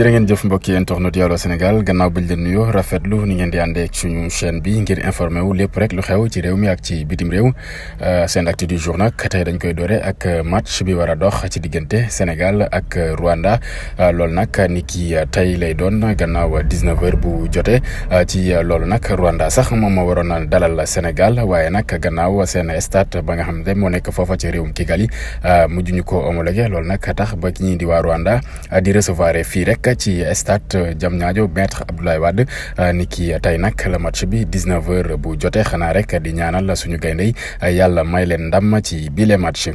jërë ngeen jëf mbokk yi internet yi Allô Sénégal gannaaw bañ leen nuyoo rafetlu ni ngeen di àndee ak suñu chaîne bi ngir informé wu lépp rek lu xew ci réew mi ak ci bitim réew euh, seen acte du jour nag tey dañ koy doore ak match bi war a dox ci diggante Sénégal ak Rwanda euh, loolu nag ni ki tey lay doon gannaaw 19h bu jotee euh, ci loolu nag Rwanda sax moom moo waroon a dalal Sénégal waaye nag gannaaw seen stade ba nga xam ne moo nekk foofa ci réewum Kigali mujj ñu ko homologué loolu nag tax ba ki ñii nag ci stade euh, Diamniadio maître Abdoulaye Wade euh, ni ki tey nag la match bi 19 heures bu jote xanaa rek di ñaanal suñu gayndey euh, yàlla may leen ndam ci bile match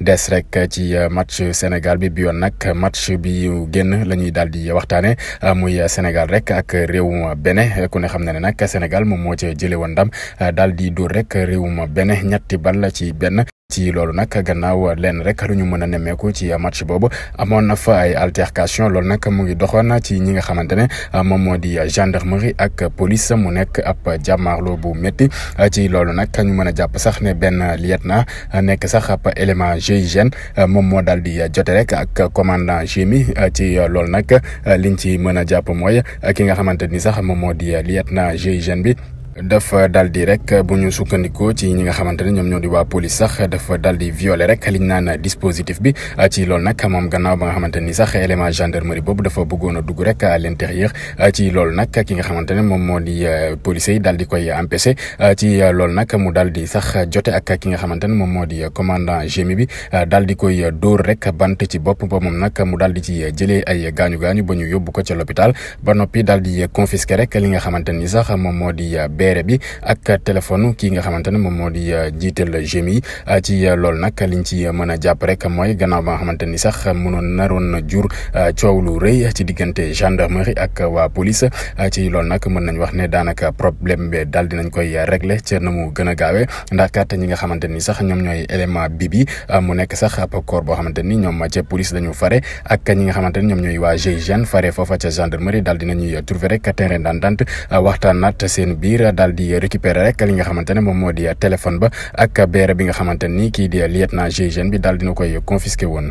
des rek ci match Sénégal bi bi yoon nag match bi génn la ñuy daal di waxtaane muy Sénégal rek ak réewum Bénin ku ne xam na ne nag Sénégal moom moo ci jëlee woon ndam daal di dóor rek réewum Bénin ñetti bal ci benn ci loolu nag gannaaw lenn rek lu ñu mën a nemmeeku ci match boobu amoon na fa ay altercation loolu nag mu ngi doxoon ci ñi nga xamante ne ah, moom moo di gendarmerie ak police mu nekk ab jàmmaarloo bu métti ah, ci loolu nag ñu mën a jàpp sax ne benn lieutenant ah, nekk sax ab élément GIGN moom moo daal di jote rek ak commandant GMI ci loolu nag liñ ci mën a jàpp mooy ki nga xamante ni sax moom moo di lieutenant GIGN bi. dafa daal di bu ñu sukkandikoo ci ñi nga xamante ne ñoom ñoo di waa police sax dafa daal di violer rek liñ naan dispositif bi ci loolu nag moom gannaaw ba nga xamante ni sax élément gendarmerie boobu dafa bëggoon a rek à l'intérieur ci loolu nag ki nga xamante ne moom moo di euh, policiers yi daal di koy empêché euh, ci euh, loolu nag mu daal di sax jote ak ki nga xamante ne moom moo di commandant gémi bi daal di koy dóor rek bant ci bopp ba moom nag mu daal di ci jëlee ay gaañu gaañu ba ñu yóbbu ko ca l'hôpital ba noppi daal di confisquer rek li nga xamante ni sax moom moo di beere bi ak téléphone kii nga xamante ne moom moo di euh, jiital GMI euh, ci euh, loolu nag liñ ci mën a jàpp rek mooy gannaaw ba nga xamante ni sax mënoon naroon na jur coow lu rëy ci diggante gendarmerie ak waa police ci loolu nag mën nañ wax ne daanaka problème bi daal dinañ koy régler ca na mu gën a gaawee ndax kat ñi nga xamante ni sax ñoom ñooy élément bi bi mu nekk sax ab koor boo xamante ni ñoom ca police dañu fare ak ñi nga xamante ñoom ñooy waa GIGN fare foofa ca gendarmerie daal dinañuy trouver rek terrain d'entente waxtaan naat seen biir daal di récupérer rek li nga xamante ne moom moo di téléphone ba ak beere bi nga xamante ni kii di lieutenant GIGN bi daal dina koy confisqué woon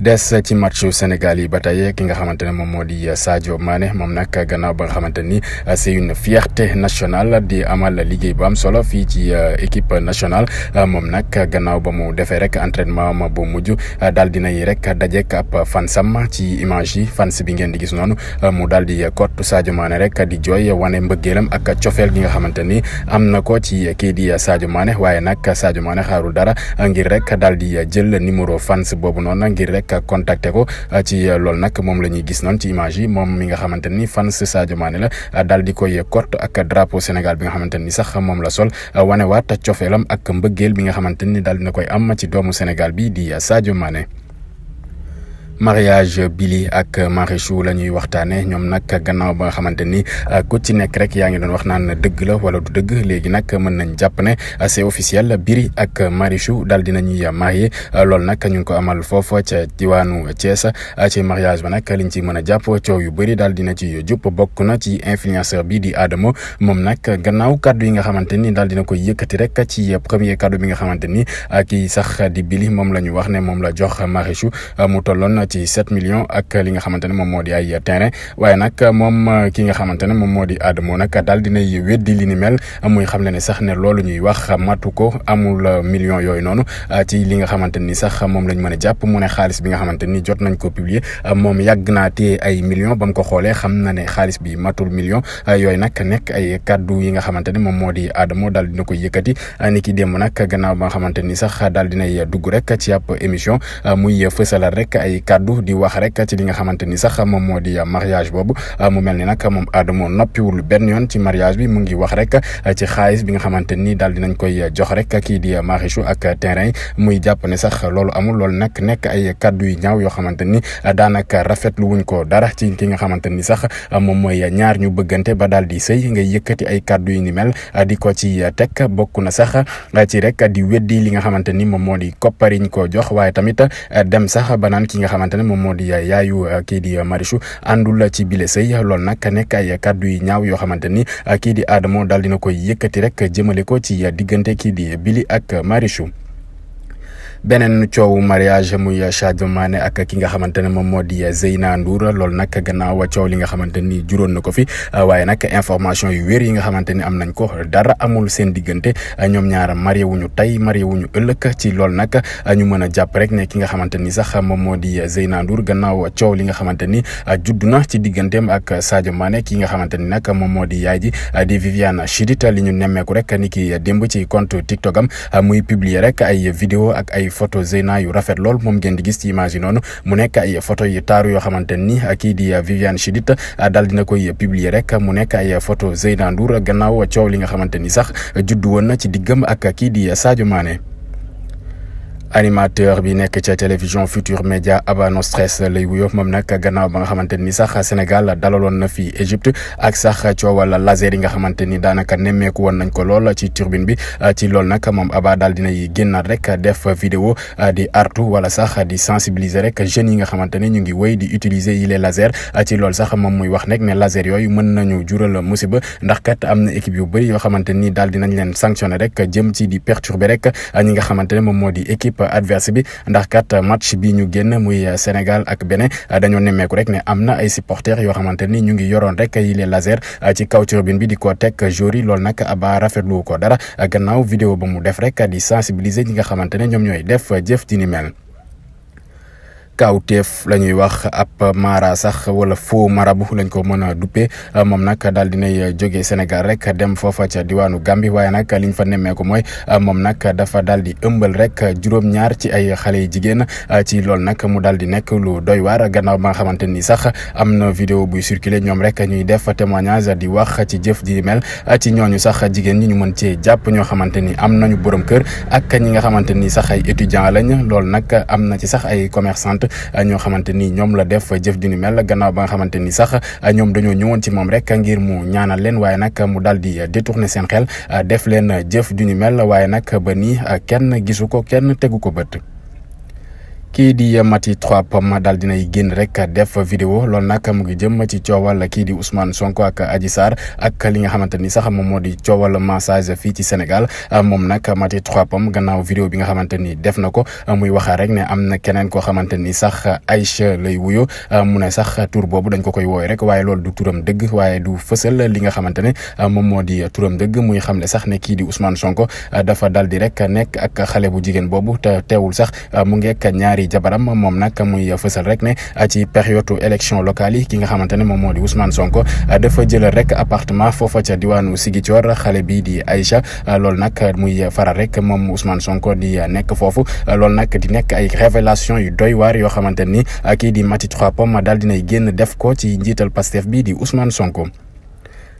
des ci matchu Sénégal yi ba tey ki nga xamante ne moom moo di Sadio Mané moom nag gannaaw ba xamante ni euh, c'est une fierté nationale di amal liggéey bu am solo fii ci euh, équipe nationale euh, moom nag gannaaw ba mu defee rek entraînement ma bu mujj dal di nay rek dajeek ab fansam ci image yi fans bi ngeen di gis noonu mu daal di kott Sadio Mané rek di jooy wane mbëggeelam ak cofeel gi nga xamante ni am na ko ci kii di Sadio maane waaye nag Sadio Mané xaarul dara ngir rek daal di jël numéro fans boobu noonu ngir rek contacté ko euh, ci euh, loolu nag moom la ñuy gis noonu ci image yi moom mi nga xamante ni fans Sadio Mané la euh, dal di koy corte ak drapeau Sénégal bi nga xamante ni sax moom la sol wanewaat cofeelam ak mbëggeel bi nga xamante ni daal dina koy am ci doomu Sénégal bi di Sadio Mané mariage Billy ak Marichou la ñuy waxtaanee ñoom nag gannaaw ba nga xamante ni euh, ku ci nekk rek yaa ngi doon wax naan dëgg la wala dëgg léegi nag mën nañ jàpp ne euh, c'est officiel Billy ak Marichou daal dina ñuy marié euh, loolu nag ñu ngi ko amal foofa ca diwaanu Thiès ci mariage ba nag liñ ci mën a jàpp coow yu bëri daal dina ci jub bokk na ci influenceur bi di Adamo moom nag gannaaw kaddu yi nga xamante ni daal dina koy yëkkati rek ci premier kaddu bi nga xamante ni kii sax di Billy moom la ñu wax ne moom la jox Marichou mu tolloon. na ci sept millions ak li nga xamante ne moom moo di ay terrain euh, li ni mel muy euh, euh, ni sax moom lañ mën a jàpp mu ne bi nga xamante ni jot nañ ko publier moom yàgg naa téye ay millions ba mu ko xoolee xam na ne xaalis bi matul million yi nga xamante ne moom moo di Adamo daal dina ko yëkkati ni ki démb nag gannaaw ba nga xamante ni sax daal dinay dugg rek ci ab émission muy fësalal rek ay kàddu di wax rek ci li nga xamante ni sax moo di mariage boobu mu mel ni nag moom Adamo noppiwul benn yoon bi mu ngi wax rek daal dinañ koy jox rek kii di Marichou ak terrain yi muy jàpp ne sax loolu amul loolu nag nekk ay kàddu yu ñaaw yoo xamante ni daanaka rafetlu wuñ ko dara ci ki nga xamante ni sax moom mooy ñaar ñu bëggante ba daal di sëy ngay yëkkati ay kàddu yu ñu mel di ko ci teg bokk na sax ci rek di weddi li nga xamante moom moo di koppariñ ko jox waaye tamit dem sax ba ki nga xamante xamante ne moom moo di yaayu uh, kii di uh, Marichou àndul ci bile sëy loolu nag nekk ay kàddu yu ñaaw yoo xamante ni uh, kii di Adamo daal dina koy yëkkati rek jëmale ko ci diggante kii di Billy ak Marichou beneen coowu mariage muy Sadio Mané ak ki nga xamante ne moom moo di Zeyna Ndour loolu nag gannaaw li nga xamante ni juróon na ko fi waaye nag yu wér yi nga xamante ni am nañ ko dara amul seen diggante ñoom ñaar marié wuñu tey marié wuñu ëllëg ci loolu nag ñu mën a jàpp rek ne ki nga xamante ni sax moom moo di Zeyna Ndour gannaaw coow li nga xamante ni judd na ci digganteem ak Sadio Mané ki nga xamante ni nag moom moo di yaay ji di Viviane Chidid li ñu nemmeeku rek ni ki démb ci compte TikTok am muy publier rek ay vidéo ak ay photo Zeyna yu rafet lool moom ngeen di gis ci image yi noonu mu nekk ay photo yu taaru yoo xamante ni kii di Viviane Chidid ah, daal dina koy publier rek mu nekk ay photo Zeyna a gannaaw coow li nga xamante ni sax juddu woon na ci diggam ak kii di Sadio Mané animateur bi nekk ca télévision Futur Média Aba No Stress lay wuyoo moom nag gannaaw ba nga xamante ni sax Sénégal dalaloon na fi Égypte ak sax coowal laser yi nga xamante ni daanaka nemmeeku woon nañ ko lool ci turbine bi ci loolu nag moom Aba daal dinay génnaat rek def vidéo di artu wala sax di sensibiliser rek jeunes yi nga xamante ni ñu ngi wéy di utiliser yi les laser ci loolu sax moom muy wax nek ne laser yooyu mën nañu jural musiba ndax kat am na équipe yu bëri yoo xamante ni daal dinañ leen sanctionné rek jëm ci di perturber rek nga xamante ne moom moo di équipe adverse bi ndax kat match bi ñu génn muy Sénégal ak Bénin dañoo nemmeeku rek ne am na ay supporters yoo xamante ni ñu ngi yoroon rek yi les laser ci kaw tribune bi di ko teg jour yi loolu nag Abba rafetlu ko dara gannaaw vidéo ba mu def rek di sensibilisé ñi nga xamante ne ñoom ñooy def jëf ji ni mel. kaawteef la ñuy wax ab mara sax wala faux marabu lañ ko mën a duppe moom nag daal dinay jóge Sénégal rek dem foofa ca diwaanu Gambie waaye nag liñ fa nemmeeku mooy moom nag dafa daal di ëmbal rek juróom-ñaar ci ay xale yu jigéen ci loolu nag mu daal di nekk lu doy waar gannaaw ba nga xamante ni sax am na video buy circulé ñoom rek ñuy def témoignage di wax ci jëf ji mel ci ñooñu sax jigéen ñi ñu mën cee jàpp ñoo xamante ni am nañu borom kër ak ñi nga xamante ni sax ay étudiant lañ loolu nag am na ci sax ay commerçante ñoo xamante ni ñoom la def fa jëf ju ni mel gannaaw ba nga xamante ni sax ñoom dañoo ñëwoon ci moom rek ngir mu ñaanal leen waaye nag mu daal di ne seen xel def leen jëf ju ni mel waaye nag ba nii kenn gisu ko kenn tegu ko bët. kii di Maty trois Pommes dal dinay génn rek def vidéo loolu nag mu ngi jëmma ci coowal kii di Ousmane Sonko ak aji Sarr ak li nga xamante ni sax moom moo di coowal massage fii ci Sénégal moom nag Maty trois Pommes gannaaw vidéo bi nga xamante ni def na ko muy waxaa rek ne am na keneen koo xamante ni sax Aïcha lay wuyo mu ne sax tur boobu dañ ko koy wooy rek waaye loolu du turam dëgg waaye du fësal li nga xamante ne moom moo di turam dëgg muy xamle sax ne kii di Ousmane Sonko dafa dal di rek nekk ak xale bu jigéen boobu te teewul sax mu ngeek ñaari ñaari jabaram moom nag muy fësal rek ne ci période élection locale yi ki nga xamante ne moom moo di Ousmane Sonko dafa jël rek appartement foofa ca diwaanu Ziguinchor xale bi di Aïcha lool nag muy faral rek moom Ousmane Sonko di nekk foofu loolu nag di nekk ay révélation yu doy waar yoo xamante ni kii di Maty Trois Pommes daal dinay génn def ko ci njiital Pastef bi di Ousmane Sonko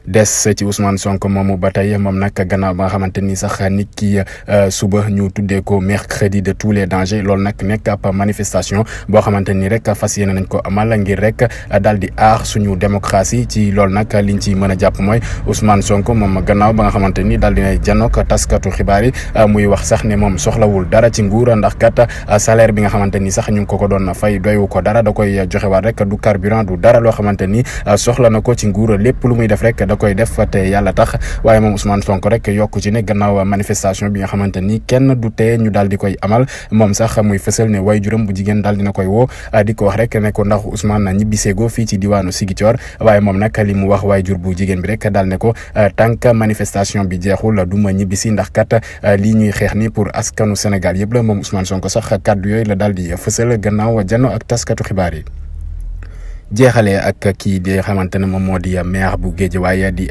des ci Ousmane sonk moomu ba tey moom nag gannaaw ba nga xamante ni sax nit ki euh, suba ñu tuddee ko mercredi de tous les dangers loolu nag nekk ab manifestation boo xamante ni rek fas yéene nañ ko amal ngir rek daal di aar suñu démocratie ci loolu nag liñ ci mën a jàpp mooy Ousmane sonk moom gannaaw ba nga xamante ni daal dinay janook taskatu xibaar yi euh, muy wax sax ne moom soxlawul dara ci nguur ndax kat euh, salaire bi nga xamante ni sax ñu ngi ko ko doon fay doywu ko dara da koy joxewaat rek du carburant du dara loo xamante ni soxla na ko ci nguur lépp lu muy def rek da koy def te yàlla tax waaye moom Ousmane Sonko rek yokku ci ne gannaaw manifestation bi nga xamante ni kenn du te ñu daal di koy amal moom sax muy fësal ne way juróom bu jigéen daal dina koy woo ah, di ko wax rek ne ko ndax Ousmane ñibbiseego fii ci diwaanu Ziguinchor waaye moom nag li mu wax jur bu jigéen bi rek daal ne ko ah, tànk manifestation bi jeexul du ma ñibbisi ndax kat ah, lii ñuy xeex ni pour askanu Sénégal yëpp la moom Ousmane Sonko sax kaddu yooyu la daal di fësal gannaaw jano ak taskatu xibaar yi jeexalee ak kii di xamante ne moom moo di maire bu Guédiawaye di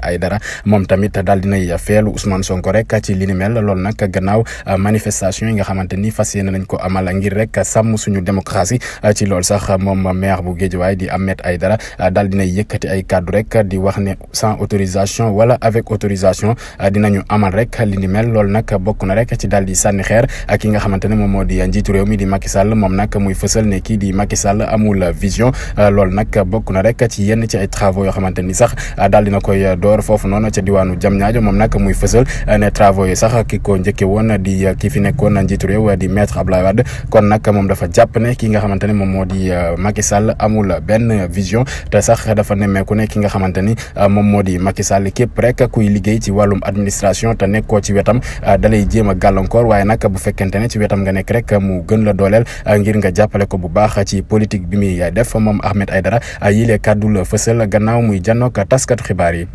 ay dara moom tamit daal dinay feelu Ousmane Sonko rek ci li ni mel loolu nag gannaaw manifestation yi nga xamante ni fas yéene nañ ko amal ngir rek sàmm suñu démocratie ci loolu sax moom maire bu Guédiawaye di Ahmed Aïdara daal dinay yëkkati ay kàddu rek di wax ne sans autorisation wala avec autorisation dinañu amal rek li ni mel loolu nag bokk na rek ci daal di sànni xeer ak ki nga xamante ne moom moo di njiitu réew mi di Macky Sall moom nag muy fësal ne kii di Macky Sall amul vision Euh, loolu nag bokk na rek ci yenn ci ay travaux yoo xamante ni sax euh, daal dina koy euh, door foofu noonu ca diwaanu jam Diamniadio moom nag muy fësal ne travaux yi sax ki ko njëkke woon di ki fi nekkoon njiitu réew di maître Abdoulaye Wade kon nag moom dafa jàpp ne ki nga xamante ne moom moo di Macky Sall amul benn vision te sax dafa nemmeeku ne ki nga xamante ni moom moo di Macky Sall képp rek kuy liggéey ci wàllum administration te nekkoo ci wetam dalay jéem a gàllankoor waaye nag bu fekkente ne ci wetam nga nekk rek mu gën la dooleel ngir nga jàppale ko bu baax ci politique bi muy def Ahmed Aidara yile kàddu la fësal gannaaw muy janook taskatu xibaar yi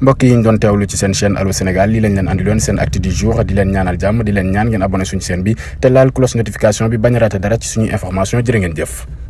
mbokk yi ñu doon teewlu ci seen chaîne Allô Sénégal lii lañ leen andiloon seen acte di leen ñaanal jàmm di leen ñaan ngeen abonné suñu chaîne bi te laal cloche notification bi bañ a raté dara ci suñu information jërë ngeen jëf